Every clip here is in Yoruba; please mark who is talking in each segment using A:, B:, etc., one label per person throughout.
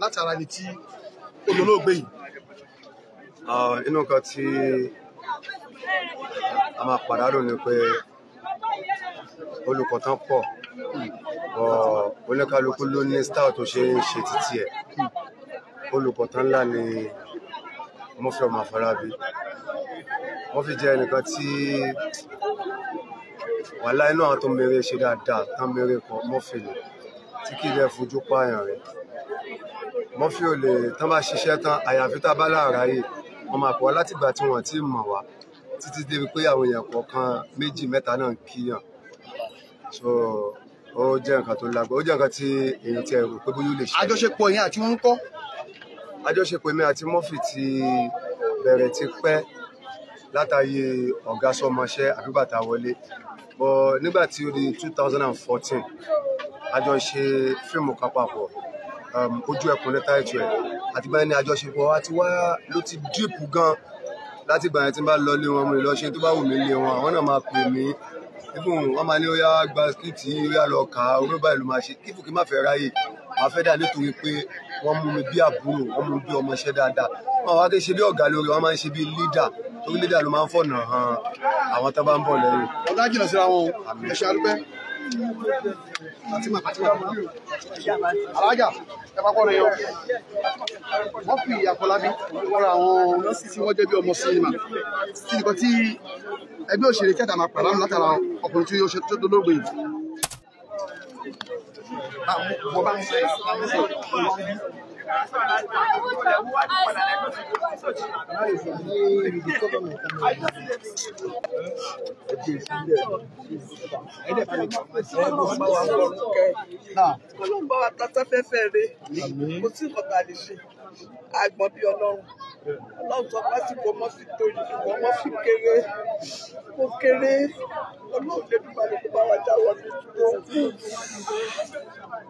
A: látara ni tí
B: olólóògbé yìí. inú nǹkan tí a máa pàdánù ni pé olùkọ́ tán pọ̀ oníkálukú ló ní style tó ṣe ń ṣe títí ẹ̀ olùkọ́ tán ńlá ni Murphy ọmọ Afọlábí wọ́n fi jẹ́ ẹnìkan tí wàhálà inú àwọn tó mẹ́rẹ́ ṣe dáadáa tán mẹ́rẹ́ kọ Murphy ni tí kì í lẹ́ fojú pààyàn rẹ̀ Murphy ò lè tán bá ṣiṣẹ́ tán àyàfi tá a bá láàráyè wọ́n máa pọ̀ wá látìgbà tí wọ́n ti mọ̀ wá títí débi pé àwọn èèyàn kọ̀ọ̀kan méjì mẹ́ta náà kíyàn so ó jẹ́ nǹkan tó lágbó ó jẹ́ nǹkan tí èèyàn ti ẹ̀rù pé bóyá ó lè ṣe. àjọṣepọ̀ yẹn àti wọn ń kọ́. àjọṣepọ̀ mi àti Murphy ti bẹ̀rẹ̀ ti pẹ́ látàyè ọ̀gá sọmọṣẹ́ àbíbàtà wọlé bọ̀ nígbà tí ó di 2014 thousand and fourteen àjọ ṣe fíìmù kan papọ̀ um, ojú ẹkùn lẹ́tà ètò ẹ̀ àtìgbà yẹn ni àjọṣepọ̀ àti wá ló ti díìpù gan láti ìgbà yẹn tí n bá lọ lé wọn mo lè lọ ṣe tó bá wù mí lé wọn àwọn náà máa pè mí ibùn wọn máa ní ó yá gba script yìí ó yá lọ kà á orí báyìí ló máa ṣe kí n má fẹ́ ráyè máa fẹ́ dà nítorí pé wọ́n mú mi bí àbúrò wọ́n mú mi bí ọmọ iṣẹ́ dáadáa wọ́n wá kí ṣe bí ọ̀gá lórí wọ́n máa ń ṣe bí lídà torí lídà ló máa ń fọ̀nà hàn àwọn tó bá ń bọ̀ lẹ́yìn. ọ̀gá jìnnà síra wọn o ẹ ṣe arúgbẹ́
A: alájà ẹ bá kọ́ni yọ wọ́n fi àkọlábí wọ́n ra àwọn nọ́ọ̀sì tí wọ́n jẹ́ bí ọmọ sinimá nǹkan tí ẹgbẹ́ òṣèré tíátà máa pàdánù látara ọkùnrin tí ó ṣe tó dolóògbé yìí wọ́n bá ń sọ wọ́n bá fẹ́fẹ́ rẹ̀ kò sí nǹkan tá lè ṣe àgbọ̀n bíi Ọlọ́run ọlọ́run sọ pásìkò ọmọ sí tóyún ṣùgbọ́n ọmọ sì kéré ó kéré ọlọ́run lè dúpọ̀ ní gbogbo àwọn ajáwọ̀ ní dúró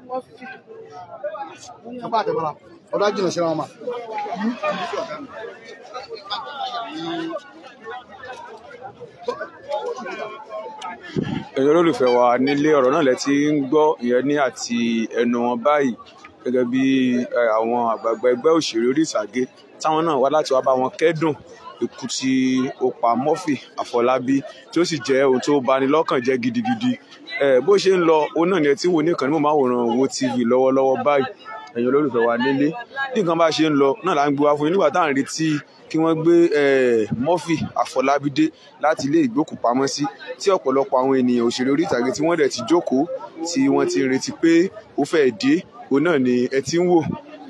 A: wọ́n fi.
B: wọ́n bá àtẹ̀bọ̀lá ọ̀dọ́ àjùmọ̀ síra wọn mà.
C: ẹ̀yin olólùfẹ́ wa nílé ọ̀rọ̀ náà lẹ ti ń gbọ́ ìyẹn ní àti ẹnu wọn báyìí gẹ́gẹ́ bí àwọn àgbààgbà ẹgbẹ́ òṣèré orí ìsàgé táwọn náà wá láti wá bá wọn kẹ́dùn ikú tí ó pa Murphy Àfọlábí tí ó sì jẹ́ ohun tó bani lọ́kàn jẹ́ gidigidi bó ṣe ń lọ òun náà ni ẹ ti wò ní ìkànnì mọ̀máwòrán Wo TV lọ́wọ́lọ́wọ́ báyìí ẹ̀yin olólùfẹ́ wa nílé bí nǹkan bá ṣe ń lọ náà là ń gbé wá fún yín nígbà tá à ń retí kí wọ́n gbé Murphy Àfọlábídé láti ilé ìgbókùpamọ́sí tí ọ̀pọ̀lọpọ̀ àwọn ènìyàn òṣèré orí ìtàgé tí wọ́n dẹ̀ ti jókòó tí wọ́n ti retí pé ó fẹ́ dé òun náà ni ẹ ti ń wò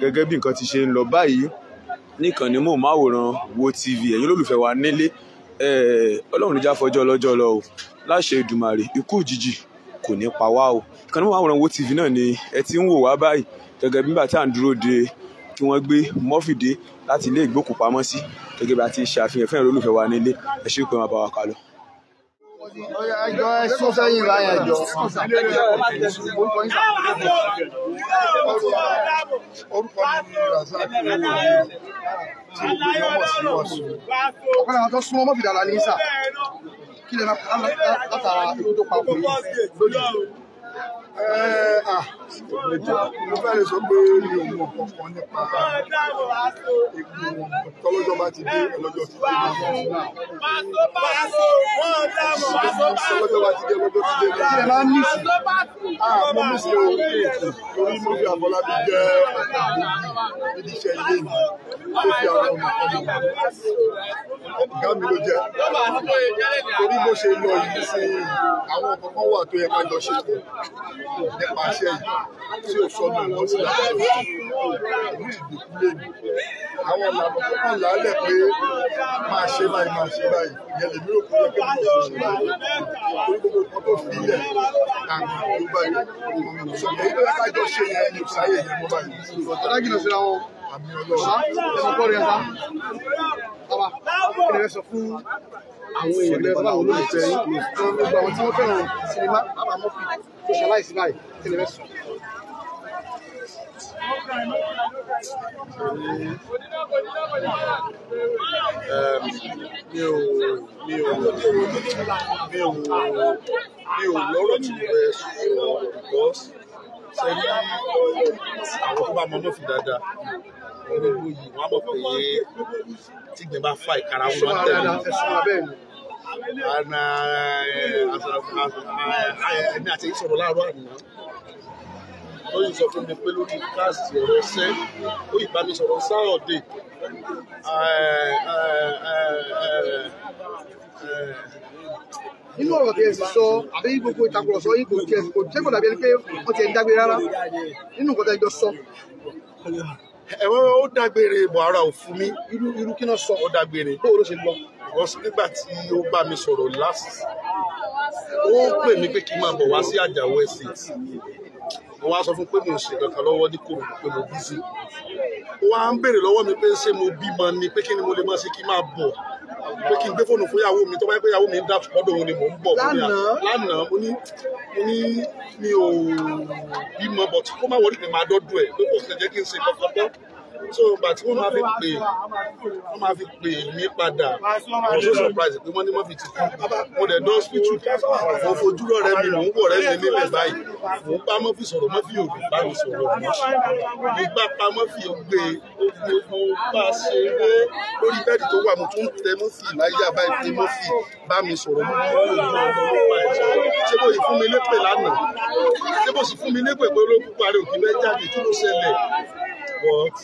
C: gẹ́gẹ́ bí nǹkan ti ṣe ń lọ báyìí níkànnì mọ̀ọ́máwòrán wo tv ẹ̀yin olólùfẹ́ wa nílé ọlọ́run níjà fọjọ́ lọ́jọ́ lọ o láṣẹ ìdùmàrè ikú òjijì kò ní pa wá o ìkànnì mọ̀ọ́máwòrán wo tv náà ni ẹ ti ń wò wá báyìí gẹ́gẹ́ bí bàtà ń dúró de kí wọ́n gbé Murphy dé láti ilé ìgbókùpamọ́sí gẹ́gẹ́ bí a ti ṣàfihàn fẹ́ràn olólùfẹ́ wa nílé ẹ ṣe é pé wọn bá wa kà lọ
B: ẹjọ ẹ sún sẹ́yìn láyé ẹjọ.
C: orúkọ mi ni
A: razak ọmọ sí ní sà kí lè látara ìlú tó pa òkú lójú mo fẹ́ lè sọ pé mi ò mọ kankan nípa egbò tọ́lọ́jọ́ bá ti dé ọlọ́jọ́ ti dé tọ́lọ́jọ́ bá ti dé ọlọ́jọ́ ti dé ní ìlànà nísì àmọ́ mi sì ò torí mo fi àbọ̀lábí jẹ́ ìdíṣẹ́ ilé mi tó fi àwọn ọmọ ọmọ mi ọ̀gá mi ló jẹ́ torí bó ṣe lọ yìí sí àwọn kankan wà tó yẹ ká jọ ṣe pọ̀ nípa iṣẹ́ yìí tí ò sọnù lọ sí àjọṣe ìdìbò lẹ́nu àwọn ìlànà kankan làálẹ̀ pé máa ṣe báyìí máa ṣe báyìí ìyẹn lè mí òkú lókè mi ò ṣe báyìí torí gbogbo nǹkan tó fi ilẹ̀ àgbà tó báyìí sọ pé èyí tó yẹ ká jọ ṣe yẹn ni òṣàyè yẹn mọ́ báyìí. ọ̀tọ́dá kìlọ̀ sí àwọn àmì ọlọ́run ẹ̀sìn kọ́rin ẹ̀sán kí ni ẹ sọ fún
C: àwọn èèyàn lẹ́yìn fún àwọn olólùfẹ́ yín tó ń gbogbo àwọn tí wọ́n fẹ́ràn sinimá bàbá
A: mọ́fì tó ṣaláìsí báyìí kí ni ẹ sọ. mi ò mi ò mi ò mi ò lọ́rọ̀ tí mo fẹ́ sọ because ṣe ní àwọn tó bá mọ mọ́fì dáadáa gbogbo yìí wọ́n á mọ̀ pé tígbìn bá fa ìkara wọn lọ́n tẹ̀lé ana ẹni uh, uh, àti sọ̀rọ̀ láàárọ̀ àná lóyún sọ fún mi pé lórí káàsì ọ̀rọ̀ ṣẹ́ ó ìbánisọ̀rọ̀ sáọ̀dẹ̀ uh, nínú ọ̀rọ̀ tí ẹ sì sọ àbí gbogbo ìtakùrọ̀sọ yìí kò jẹ́ kò dàbí ẹni pé wọ́n ti ẹ̀ ń dágbé rárá nínú nǹkan tẹ́ ẹ jọ sọ ẹ̀wọ́n ó dágbére ìbò ara ò fún mi irú irú kí náà sọ ó dágbére bó ló ṣe lọ because nígbà tí ó bá mi sọ̀rọ̀ last ó pè mí pé kí n máa bọ̀ wá sí àjàwọ̀ ẹ̀sìn mo wá sọ fún pé mo ń ṣe kankan lọ́wọ́ ní kòrò pé mo bí sí ó wá ń béèrè lọ́wọ́ mi pé ṣé mo bímọ ni pé kí ni mo lè máa ṣe kí n máa bọ̀ pé kí n gbé fóònù fún mi tó bá yẹ pé ìyàwó mi ń dà lọ́dọ̀ òun ni mò ń bọ̀ lánàá mo ní mo ní mi ò bímọ bọ̀ tí kó má wọlé mi máa dọ́dọ̀ ẹ̀ pé kò sì jẹ́ kí n ṣe kọ́kọ́ tán so ìgbà tí wọ́n máa fi pè wọ́n máa fi pè mí padà mo so surprise pé wọ́n ní wọ́n fi ti kú mo dẹ̀ dán hospital mo fojúrọ̀ rẹ mi mò ń wọ̀ rẹ mi nílẹ̀ báyìí mò ń bá Murphy sọ̀rọ̀ Murphy ò bá mi sọ̀rọ̀ nígbà pa Murphy ò gbé mo bá a ṣe eré lórí bẹ́ẹ̀dì tó wà mo tún tẹ Murphy láyé àbáyé pé Murphy bá mi sọ̀rọ̀ mo ní ọ̀rọ̀ ọ̀rọ̀ ọ̀rọ̀ ẹ̀ ṣé bó yìí fún mi lépè lánàá ṣé bó sì fún mi lépè pé olókùn parí òkè mẹ́jáde kí ló ṣẹlẹ̀ but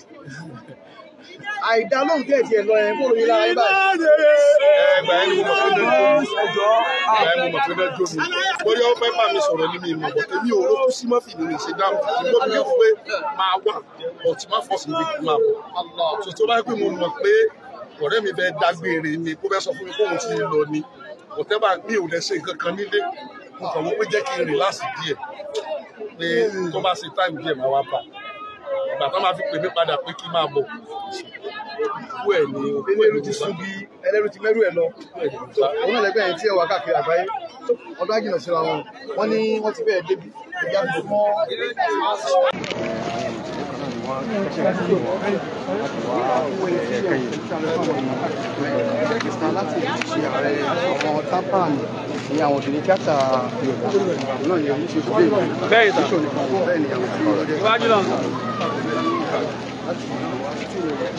A: àìdá lóhùn tẹ̀ tiẹ̀ lọ yẹn kó lóyún lára báyìí. ẹgbà yẹn ni mo fẹ́ dẹ́jọ́ mi ẹgbà yẹn mo fẹ́ dẹ́jọ́ mi bóyá ó fẹ́ bá mi sọ̀rọ̀ ní mi ìmọ̀ bọ̀ tèmi ò lókù sí mọ́fì ni mi ṣe dáhùn ṣùgbọ́n mi yóò pé máa wà ọ̀tí má fọ́ọ̀sì mi kì máa bọ̀ tó bá pè mo mọ̀ pé ọ̀rẹ́ mi fẹ́ dágbére mi kó fẹ́ sọ fún mi kó òun ti lọ ni ọ̀tẹ́bà mi ò lè ṣe nǹkan nílé mo kàn wọ́n pé jẹ́ kí n rìn díẹ̀ pé tó bá ṣe táìmù díẹ̀ máa wá bà ìgbà tó máa fi pè mí padà pé kí n máa bọ̀ òkú ẹ̀ ni òkú ẹ̀ ló ti sún bí ẹlẹ́rú ti mẹ́rù ẹ̀ lọ òun náà lẹ́gbẹ̀ẹ́ tí ẹ wà káàkiri àgbáyé ọdún àjìnà síra wọn wọn ní wọn ti bẹ́ẹ̀ débi ìjà tó mọ́. láti ṣe ààrẹ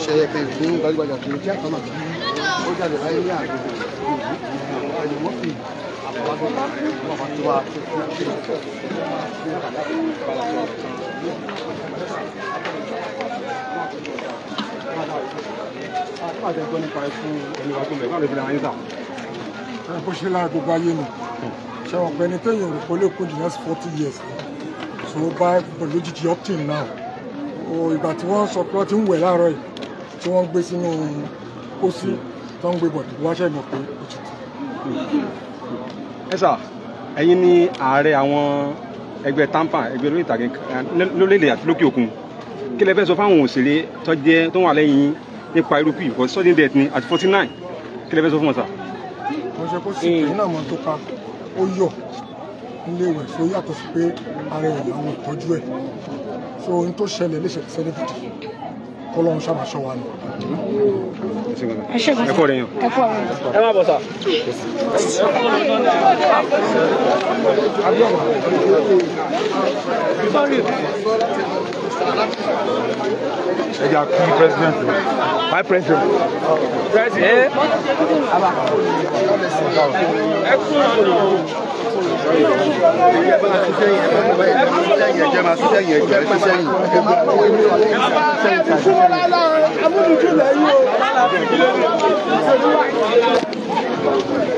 B: ṣẹyẹ kan ìfún gbajúgbajà tó ní kí àtọ́nà kí ó jáde láyé ní àgbègbè ẹni wọ́n fi àpòwádọ́ wọn bá tó wá tó
A: years so bá pẹ̀lú jíjí up now ìgbà tí wọ́n sọ pé wọ́n ti ń wẹ̀ láàárọ̀ yìí tí wọ́n gbé sínú pósí tó ń gbé bọ̀dù wáṣẹ́ ìmọ̀ pé ó ti tì.
C: ẹ sà ẹ̀yin ni ààrẹ àwọn ẹgbẹ́ tampa ẹgbẹ́ lórí ìtàgé lórílẹ̀ àti lókè òkun kí lẹ fẹ́ sọ fáwọn òṣèré tó jẹ́ tó wà lẹ́yìn nípa irúkú yìí for sudden death ni at forty nine kí lẹ fẹ́ sọ fún wọn sà.
A: mo ṣe kó sì kì í náà mọ tó pa ó yọ nílé ìwẹ̀ tó yàtọ̀ pé ara ẹ̀ ìtọ́jú ẹ̀ so ohun tó ṣẹlẹ̀ lè ṣẹlẹ̀ sẹ́ni tàbí kó lọ́n
C: ṣàmà ṣọ́ wa ni. ẹ kọ́ ọ̀rẹ́ yàn. ẹ má bọ̀ sà. ẹ jà kí president my president. president. Eh?
A: ẹ kúrò lọ́nà sẹ́yìn ẹ̀jẹ̀